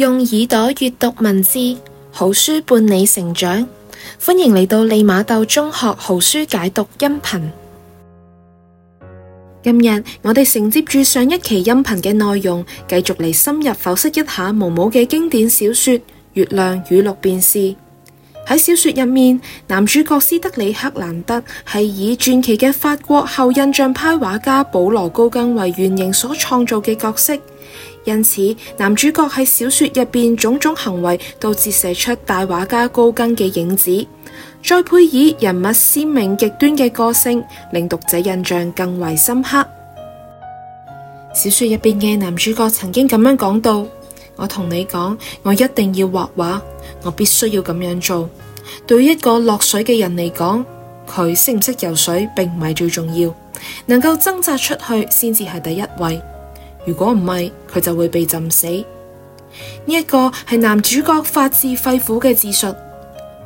用耳朵閱讀文字，好書伴你成長。歡迎嚟到利馬竇中學好書解讀音頻。今日我哋承接住上一期音頻嘅內容，繼續嚟深入剖析一下毛姆嘅經典小說《月亮與六便士》。喺小說入面，男主角斯特里克蘭德係以傳奇嘅法國後印象派畫家保羅高更為原型所創造嘅角色。因此，男主角喺小說入邊種種行為都折射出大畫家高更嘅影子，再配以人物鮮明極端嘅個性，令讀者印象更為深刻。 小說入邊嘅男主角曾經咁樣講到：我同你講，我一定要畫畫，我必須要咁樣做。對於一個落水嘅人嚟講，佢識唔識游水並唔係最重要，能夠掙扎出去先至係第一位。如果唔係，佢就會被浸死。呢、這、一個係男主角發自肺腑嘅自述，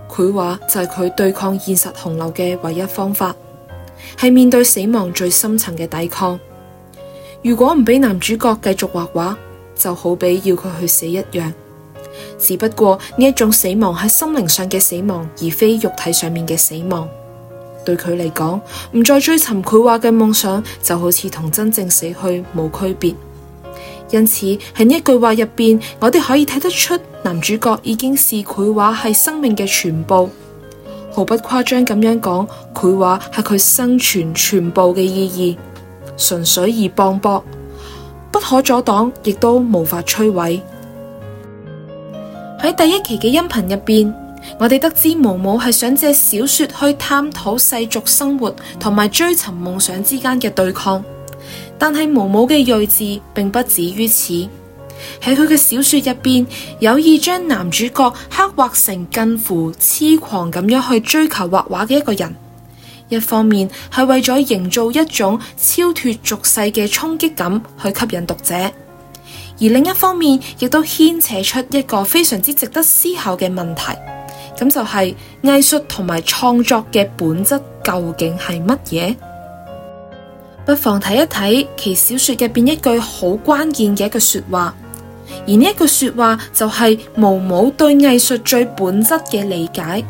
繪畫就係佢對抗現實洪流嘅唯一方法，係面對死亡最深層嘅抵抗。如果唔俾男主角繼續畫畫，就好比要佢去死一樣。只不過呢一種死亡係心靈上嘅死亡，而非肉體上面嘅死亡。對佢嚟講，唔再追尋繪畫嘅夢想，就好似同真正死去冇區別。因此喺呢句話入邊，我哋可以睇得出男主角已經是繪畫係生命嘅全部，毫不誇張咁樣講，繪畫係佢生存全部嘅意義，純粹而磅礴，不可阻擋，亦都無法摧毀。喺第一期嘅音頻入邊，我哋得知毛姆係想借小說去探討世俗生活同埋追尋夢想之間嘅對抗。但係毛姆嘅睿智並不止於此，喺佢嘅小說入邊有意將男主角刻畫成近乎痴狂咁樣去追求畫畫嘅一個人。一方面係為咗營造一種超脫俗世嘅衝擊感去吸引讀者，而另一方面亦都牽扯出一個非常之值得思考嘅問題，咁就係藝術同埋創作嘅本質究竟係乜嘢？不妨睇一睇其小說入面一句好關鍵嘅一句說話，而呢句說話就係毛姆對藝術最本質嘅理解，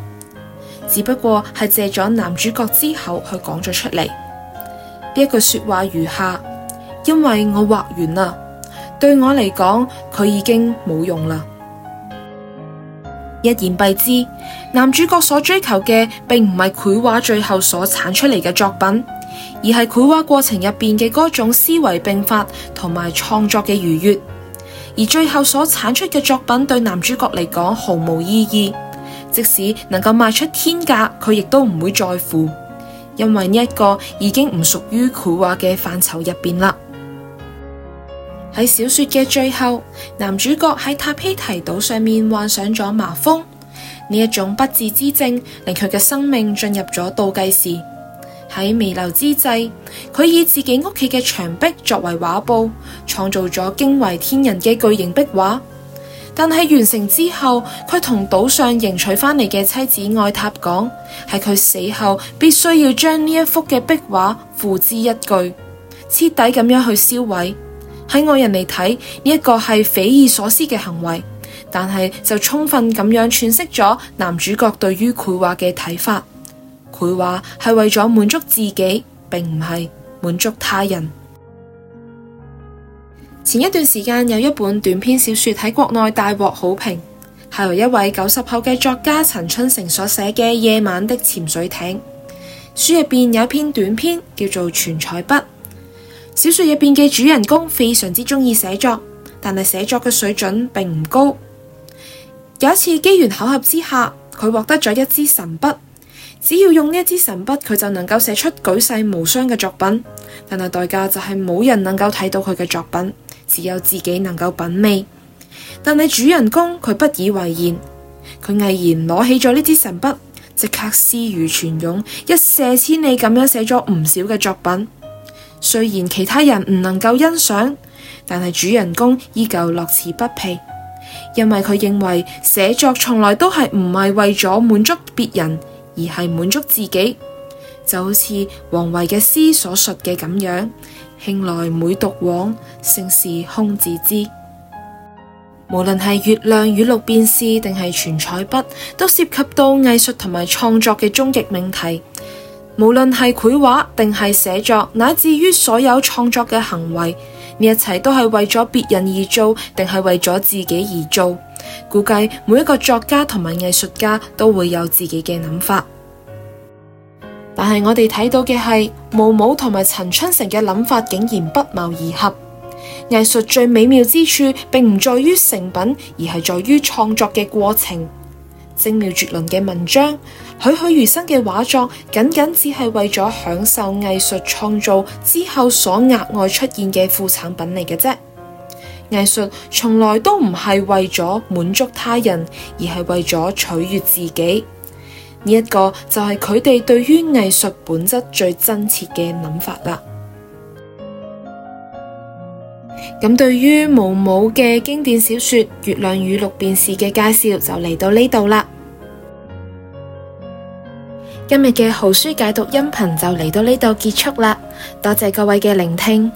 只不過係借咗男主角之口去講咗出嚟。呢句說話如下：因為我畫完啦，對我嚟講，佢已經冇用啦。一言蔽之，男主角所追求嘅並唔係繪畫最後所產出嚟嘅作品。而係繪畫過程入邊嘅嗰種思維並發同埋創作嘅愉悅，而最後所產出嘅作品對男主角嚟講毫無意義，即使能夠賣出天價，佢亦都唔會在乎，因為呢一個已經唔屬於繪畫嘅範疇入邊啦。喺 小說嘅最後，男主角喺塔希提島上面患上咗麻風呢一種不治之症，令佢嘅生命進入咗倒計時。喺彌留之際，佢以自己屋企嘅牆壁作為畫布，創造咗驚為天人嘅巨型壁畫。但喺完成之後，佢同島上迎娶翻嚟嘅妻子愛塔講，喺佢死後必須要將呢幅嘅壁畫付之一炬，徹底咁樣去銷毀。喺外人嚟睇，呢、這、一個係匪夷所思嘅行為，但係就充分咁樣詮釋咗男主角對於繪畫嘅睇法。會話係為咗滿足自己，並唔係滿足他人。前一段時間有一本短篇小說喺國內大獲好評，係由一位九十後嘅作家陳春成所寫嘅《夜晚的潛水艇》。書入邊有一篇短篇叫做《全彩筆》。小說入邊嘅主人公非常之中意寫作，但係寫作嘅水準並唔高。有一次機緣巧合之下，佢獲得咗一支神筆。只要用呢一支神筆，佢就能夠寫出舉世無雙嘅作品，但係代價就係冇人能夠睇到佢嘅作品，只有自己能夠品味。但係主人公佢不以為然，佢毅然攞起咗呢支神筆，即刻思如泉湧，一瀉千里咁樣寫咗唔少嘅作品。雖然其他人唔能夠欣賞，但係主人公依舊樂此不疲，因為佢認為寫作從來都係唔係為咗滿足別人，而係滿足自己，就好似王維嘅詩所述嘅咁樣，興來每獨往，勝事空自知。無論係月亮與六便士，定係全彩筆，都涉及到藝術同埋創作嘅終極命題。無論係繪畫定係寫作，乃至於所有創作嘅行為，呢一切都係為咗別人而做，定係為咗自己而做。估計每一個作家同埋藝術家都會有自己嘅諗法，但係我哋睇到嘅係毛姆同埋陳春成嘅諗法竟然不謀而合。藝術最美妙之處，並唔在於成品，而係在於創作嘅過程。精妙絕倫嘅文章，栩栩如生嘅畫作，僅僅只係為咗享受藝術創造之後所額外出現嘅副產品嚟嘅啫。藝術從來都唔係為咗滿足他人，而係為咗取悦自己。呢一個就係佢哋對於藝術本質最真切嘅諗法啦。咁對於毛姆嘅經典小說《月亮與六便士》嘅介紹就嚟到呢度啦。今日嘅好書解讀音頻就嚟到呢度結束啦，多謝各位嘅聆聽。